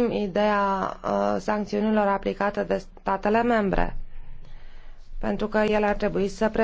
sprijinim ideea uh, sancțiunilor aplicate de statele membre, pentru că ele ar trebui să